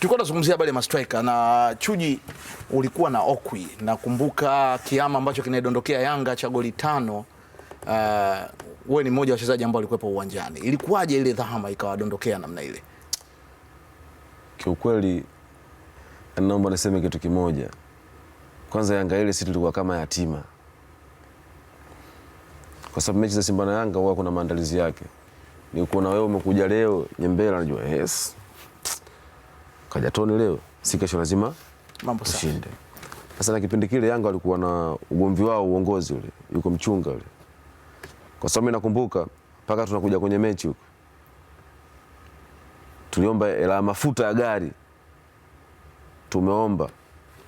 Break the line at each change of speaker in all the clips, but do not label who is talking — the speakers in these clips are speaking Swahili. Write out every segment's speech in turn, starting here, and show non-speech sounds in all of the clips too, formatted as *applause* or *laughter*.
tulikuwa tunazungumzia habari ya mastrika na Chuji, ulikuwa na Okwi. Nakumbuka kiama ambacho kinaidondokea Yanga cha goli tano. Uh, wewe ni mmoja wa wachezaji ambao walikuwepo uwanjani, ilikuwaje ile dhahama ikawadondokea namna ile?
Kiukweli naomba niseme kitu kimoja. Kwanza Yanga ile si tulikuwa kama yatima, kwa sababu mechi za Simba na Yanga huwa kuna maandalizi yake. Ni kuona wewe umekuja leo nyembela, najua yes ukajatoni leo, si kesho lazima
mambo ushinde.
Sasa na kipindi kile Yanga walikuwa na ugomvi wao uongozi ule, yuko mchunga ule, kwa sababu nakumbuka mpaka tunakuja kwenye mechi huko tuliomba hela mafuta ya gari, tumeomba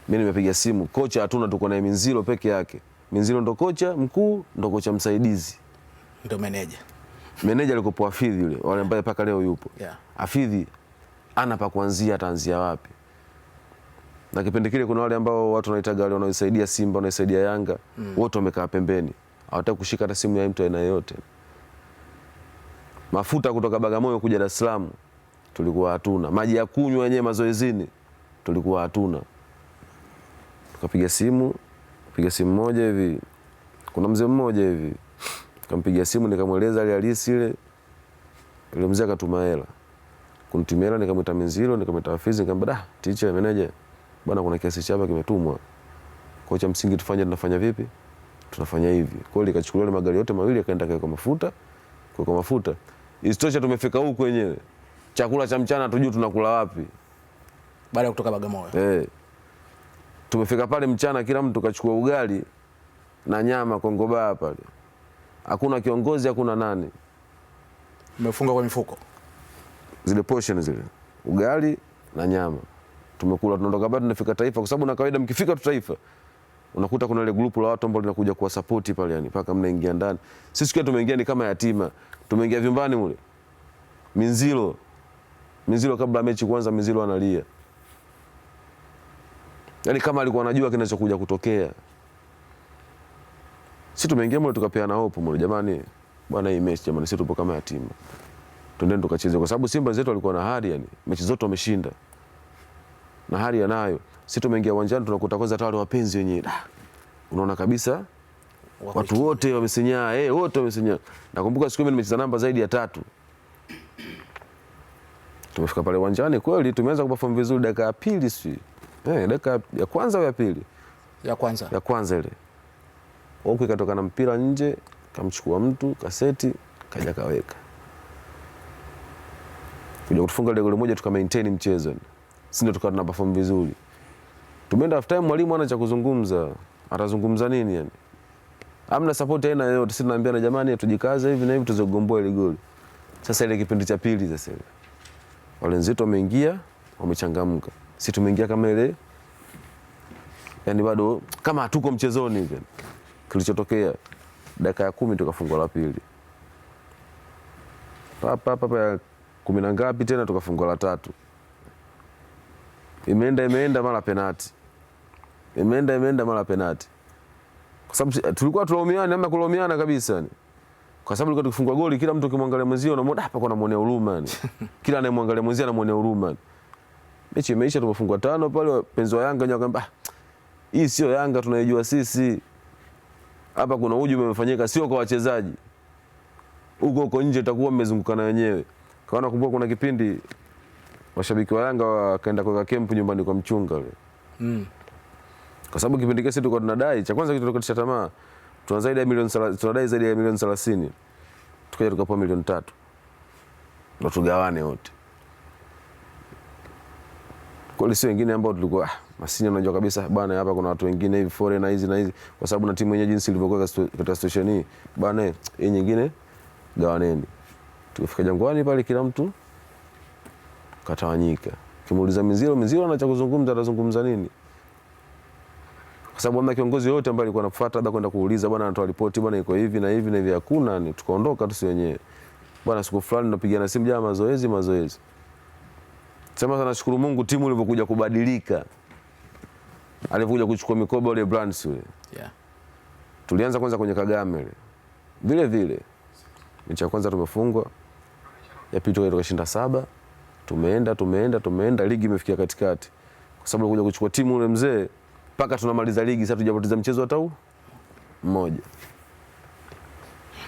mimi nimepiga simu kocha, hatuna tuko na Minzilo peke yake. Minzilo ndo kocha mkuu, ndo kocha msaidizi, ndo meneja. Meneja alikopo Afidhi yule wale ambaye mpaka leo yupo yeah. Afidhi ana pa kuanzia, ataanzia wapi? Na kipindi kile kuna wale ambao watu wanaitaga wale wanaoisaidia Simba wanaoisaidia Yanga mm. wote wamekaa pembeni, hawataka kushika hata simu ya mtu aina yoyote. Mafuta kutoka Bagamoyo kuja Dar es Salaam tulikuwa hatuna, maji ya kunywa yenyewe mazoezini tulikuwa hatuna. Tukapiga simu, piga simu moja hivi, kuna mzee mmoja hivi, kampiga simu nikamweleza hali halisi ile, ile mzee akatuma hela Kunitumia hela nikamwita menzilo, nikamwita afisi, nikamwambia da, ticha meneja bwana kuna kiasi cha hapa kimetumwa. Kwa cha msingi tufanye tunafanya vipi? Tunafanya hivi. Kwa hiyo likachukuliwa magari yote mawili yakaenda kwa mafuta, kwa mafuta. Isitoshe tumefika huko wenyewe. Chakula cha mchana tujui tunakula wapi.
Baada ya kutoka Bagamoyo.
Eh. Tumefika pale mchana kila mtu kachukua ugali na nyama kongoba pale. Hakuna kiongozi, hakuna nani.
Umefunga kwa mifuko
zile portion zile ugali na nyama tumekula, tunaondoka baada tunafika Taifa, kwa sababu na kawaida mkifika tu Taifa unakuta kuna ile grupu la watu ambao linakuja kuwa support pale, yani paka mnaingia ndani. Sisi kwa tumeingia ni kama yatima, tumeingia vyumbani mule Minzilo, Minzilo kabla mechi kuanza, Minzilo analia, yani kama alikuwa anajua kinachokuja kutokea. Sisi tumeingia mule tukapeana hope mule, jamani bwana, hii mechi jamani, sisi tupo kama yatima twendeni tukacheze, kwa sababu Simba wenzetu walikuwa na hali yani mechi zote wameshinda na hali yanayo. Sisi tumeingia uwanjani tunakuta kwanza hata wale wapenzi wenyewe, unaona kabisa watu wote wamesenyaa, eh, wote wamesenyaa. Nakumbuka siku mimi nimecheza namba zaidi ya tatu, tumefika pale uwanjani kweli, tumeanza kuperform vizuri, dakika ya pili si eh, dakika ya kwanza au ya pili ya kwanza, ya kwanza ile huko ikatoka na mpira nje, kamchukua mtu kaseti kaja kaweka kuja kutufunga ile goli moja tuka maintain mchezo, si ndio? Tukawa tuna perform vizuri, tumeenda half time, mwalimu ana cha kuzungumza, atazungumza nini yani? Amna support aina yoyote, si tunaambia na jamani, tujikaze hivi na hivi tuzogomboa ile goli. Sasa ile kipindi cha pili sasa ile nzito wameingia, wamechangamka, si tumeingia kama ile yani bado kama hatuko mchezoni hivi. Kilichotokea dakika ya kumi tukafungwa la pili, papa papa kumi na ngapi tena tukafungwa la tatu, imeenda imeenda mara penati, imeenda imeenda mara penati, kwa sababu tulikuwa tulaumiana namna kulaumiana kabisa ni kwa sababu ilikuwa tukifungwa goli, kila mtu akimwangalia mwenzio unamwona ah, hapa kuna muonea huruma yani, *laughs* kila anayemwangalia mwenzio anamwonea huruma yani. Mechi imeisha, tumefungwa tano pale, wapenzi wa Yanga wenyewe wakaambia, ah, hii sio Yanga tunaijua sisi, hapa kuna uju umefanyika, sio kwa wachezaji, huko huko nje itakuwa mmezungukana wenyewe. Kwa nakumbuka kuna kipindi washabiki wa Yanga wakaenda kuweka kempu nyumbani kwa mchunga yule. Mm. Kwa sababu kipindi kile tulikuwa tunadai cha kwanza kitu tukatisha tamaa. Tuna zaidi ya milioni tunadai zaidi ya milioni 30. Tukaja tukapewa milioni tatu. Na tugawane wote. Kwa hiyo wengine ambao tulikuwa ah, Masinyo unajua kabisa bana, hapa kuna watu wengine hivi foreign na hizi na hizi, kwa sababu na timu yenyewe jinsi ilivyokuwa katika situation hii bana, eh, hii nyingine gawaneni. Tukifika Jangwani pale kila mtu katawanyika. Kimuuliza mizilo, mizilo ana kuzungumza, atazungumza nini? Kwa sababu hamna kiongozi yoyote ambaye alikuwa anafuata labda kwenda kuuliza bwana, anatoa ripoti bwana, iko hivi na hivi na hivi, hakuna ni tukaondoka tu si wenyewe. Bwana, siku fulani tunapigana simu, jamaa, mazoezi mazoezi. Sema sana, nashukuru Mungu timu ilivyokuja kubadilika. Alivyokuja kuchukua mikoba ile brands ile, Yeah. Tulianza kwanza kwenye Kagame ile. Vile vile mechi ya kwanza tumefungwa, ya pili tukaenda tukashinda saba, tumeenda tumeenda tumeenda, ligi imefikia katikati, kwa sababu kuja kuchukua timu ule mzee, mpaka tunamaliza ligi sasa, tujapoteza mchezo hata huu mmoja.